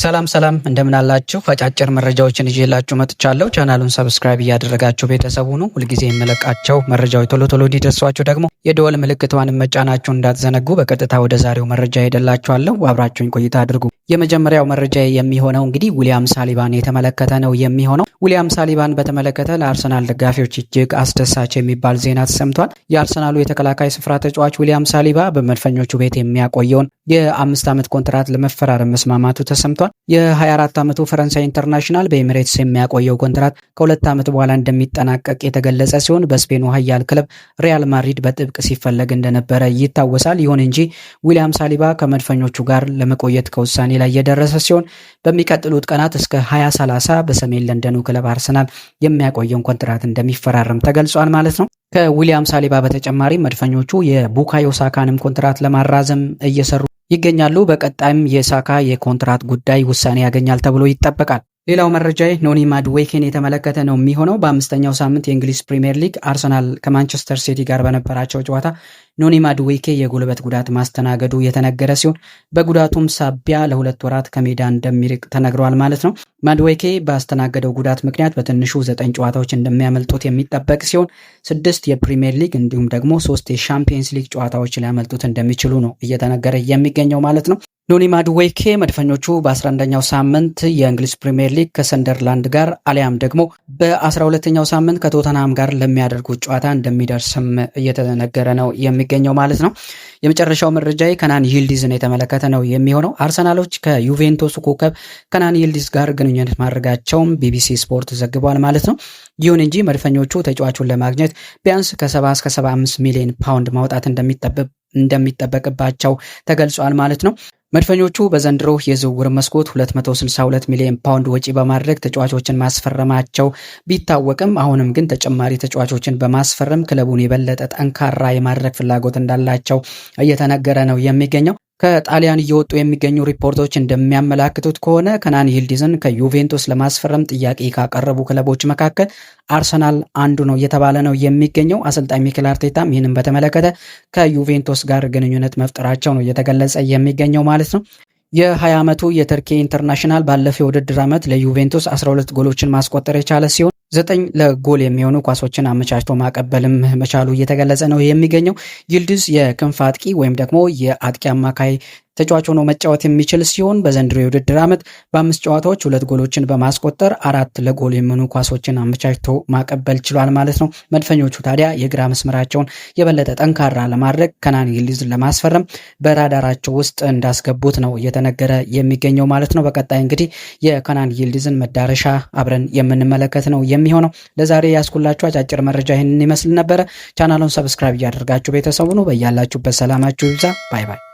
ሰላም ሰላም እንደምን አላችሁ? አጫጭር መረጃዎችን ይዤላችሁ መጥቻለሁ። ቻናሉን ሰብስክራይብ እያደረጋችሁ ቤተሰቡ ሁኑ። ሁልጊዜ የምለቃቸው መረጃዎች ቶሎ ቶሎ እንዲደርሷችሁ ደግሞ የደወል ምልክቷን መጫናችሁ እንዳትዘነጉ። በቀጥታ ወደ ዛሬው መረጃ ሄደላችኋለሁ። አብራችሁኝ ቆይታ አድርጉ። የመጀመሪያው መረጃ የሚሆነው እንግዲህ ዊሊያም ሳሊባን የተመለከተ ነው የሚሆነው። ዊሊያም ሳሊባን በተመለከተ ለአርሰናል ደጋፊዎች እጅግ አስደሳች የሚባል ዜና ተሰምቷል። የአርሰናሉ የተከላካይ ስፍራ ተጫዋች ዊሊያም ሳሊባ በመድፈኞቹ ቤት የሚያቆየውን የአምስት ዓመት ኮንትራት ለመፈራረም መስማማቱ ተሰምቷል። የ24 ዓመቱ ፈረንሳይ ኢንተርናሽናል በኤሚሬትስ የሚያቆየው ኮንትራት ከሁለት ዓመት በኋላ እንደሚጠናቀቅ የተገለጸ ሲሆን በስፔኑ ኃያል ክለብ ሪያል ማድሪድ በጥብቅ ሲፈለግ እንደነበረ ይታወሳል። ይሁን እንጂ ዊሊያም ሳሊባ ከመድፈኞቹ ጋር ለመቆየት ከውሳኔ ላይ የደረሰ ሲሆን በሚቀጥሉት ቀናት እስከ 2030 በሰሜን ለንደኑ ክለብ አርሰናል የሚያቆየውን ኮንትራት እንደሚፈራረም ተገልጿል ማለት ነው። ከዊሊያም ሳሊባ በተጨማሪ መድፈኞቹ የቡካዮ ሳካንም ኮንትራት ለማራዘም እየሰሩ ይገኛሉ። በቀጣይም የሳካ የኮንትራት ጉዳይ ውሳኔ ያገኛል ተብሎ ይጠበቃል። ሌላው መረጃዬ ኖኒ ማድዌኬን የተመለከተ ነው የሚሆነው። በአምስተኛው ሳምንት የእንግሊዝ ፕሪምየር ሊግ አርሰናል ከማንቸስተር ሲቲ ጋር በነበራቸው ጨዋታ ኖኒ ማድዌኬ የጉልበት ጉዳት ማስተናገዱ የተነገረ ሲሆን በጉዳቱም ሳቢያ ለሁለት ወራት ከሜዳ እንደሚርቅ ተነግሯል ማለት ነው። ማድዌኬ ባስተናገደው ጉዳት ምክንያት በትንሹ ዘጠኝ ጨዋታዎች እንደሚያመልጡት የሚጠበቅ ሲሆን ስድስት የፕሪምየር ሊግ እንዲሁም ደግሞ ሶስት የሻምፒየንስ ሊግ ጨዋታዎች ሊያመልጡት እንደሚችሉ ነው እየተነገረ የሚገኘው ማለት ነው። ኖኒ ማድዌኬ መድፈኞቹ በ11ኛው ሳምንት የእንግሊዝ ፕሪምየር ሊግ ከሰንደርላንድ ጋር አሊያም ደግሞ በ12ኛው ሳምንት ከቶተናም ጋር ለሚያደርጉት ጨዋታ እንደሚደርስም እየተነገረ ነው የሚገኘው ማለት ነው። የመጨረሻው መረጃ ከናን ይልዲዝን የተመለከተ ነው የሚሆነው። አርሰናሎች ከዩቬንቶስ ኮከብ ከናን ይልዲዝ ጋር ግንኙነት ማድረጋቸውም ቢቢሲ ስፖርት ዘግቧል ማለት ነው። ይሁን እንጂ መድፈኞቹ ተጫዋቹን ለማግኘት ቢያንስ ከ70 እስከ 75 ሚሊዮን ፓውንድ ማውጣት እንደሚጠበቅባቸው ተገልጿል ማለት ነው። መድፈኞቹ በዘንድሮ የዝውውር መስኮት 262 ሚሊዮን ፓውንድ ወጪ በማድረግ ተጫዋቾችን ማስፈረማቸው ቢታወቅም አሁንም ግን ተጨማሪ ተጫዋቾችን በማስፈረም ክለቡን የበለጠ ጠንካራ የማድረግ ፍላጎት እንዳላቸው እየተነገረ ነው የሚገኘው። ከጣሊያን እየወጡ የሚገኙ ሪፖርቶች እንደሚያመላክቱት ከሆነ ከናኒ ሂልዲዝን ከዩቬንቱስ ለማስፈረም ጥያቄ ካቀረቡ ክለቦች መካከል አርሰናል አንዱ ነው እየተባለ ነው የሚገኘው። አሰልጣኝ ሚኬል አርቴታም ይህንን በተመለከተ ከዩቬንቱስ ጋር ግንኙነት መፍጠራቸው ነው እየተገለጸ የሚገኘው ማለት ነው። የ20 ዓመቱ የተርኪ ኢንተርናሽናል ባለፈው የውድድር ዓመት ለዩቬንቱስ 12 ጎሎችን ማስቆጠር የቻለ ሲሆን ዘጠኝ ለጎል የሚሆኑ ኳሶችን አመቻችቶ ማቀበልም መቻሉ እየተገለጸ ነው የሚገኘው። ይልድዝ የክንፍ አጥቂ ወይም ደግሞ የአጥቂ አማካይ ተጫዋች ሆኖ መጫወት የሚችል ሲሆን በዘንድሮ የውድድር ዓመት በአምስት ጨዋታዎች ሁለት ጎሎችን በማስቆጠር አራት ለጎል የሚሆኑ ኳሶችን አመቻችቶ ማቀበል ችሏል ማለት ነው። መድፈኞቹ ታዲያ የግራ መስመራቸውን የበለጠ ጠንካራ ለማድረግ ከናን ጊልዝን ለማስፈረም በራዳራቸው ውስጥ እንዳስገቡት ነው እየተነገረ የሚገኘው ማለት ነው። በቀጣይ እንግዲህ የከናን ጊልዝን መዳረሻ አብረን የምንመለከት ነው የሚሆነው። ለዛሬ ያስኩላችሁ አጫጭር መረጃ ይህንን ይመስል ነበረ። ቻናሉን ሰብስክራይብ እያደርጋችሁ ቤተሰቡ ነው። በያላችሁበት ሰላማችሁ ይብዛ። ባይ ባይ።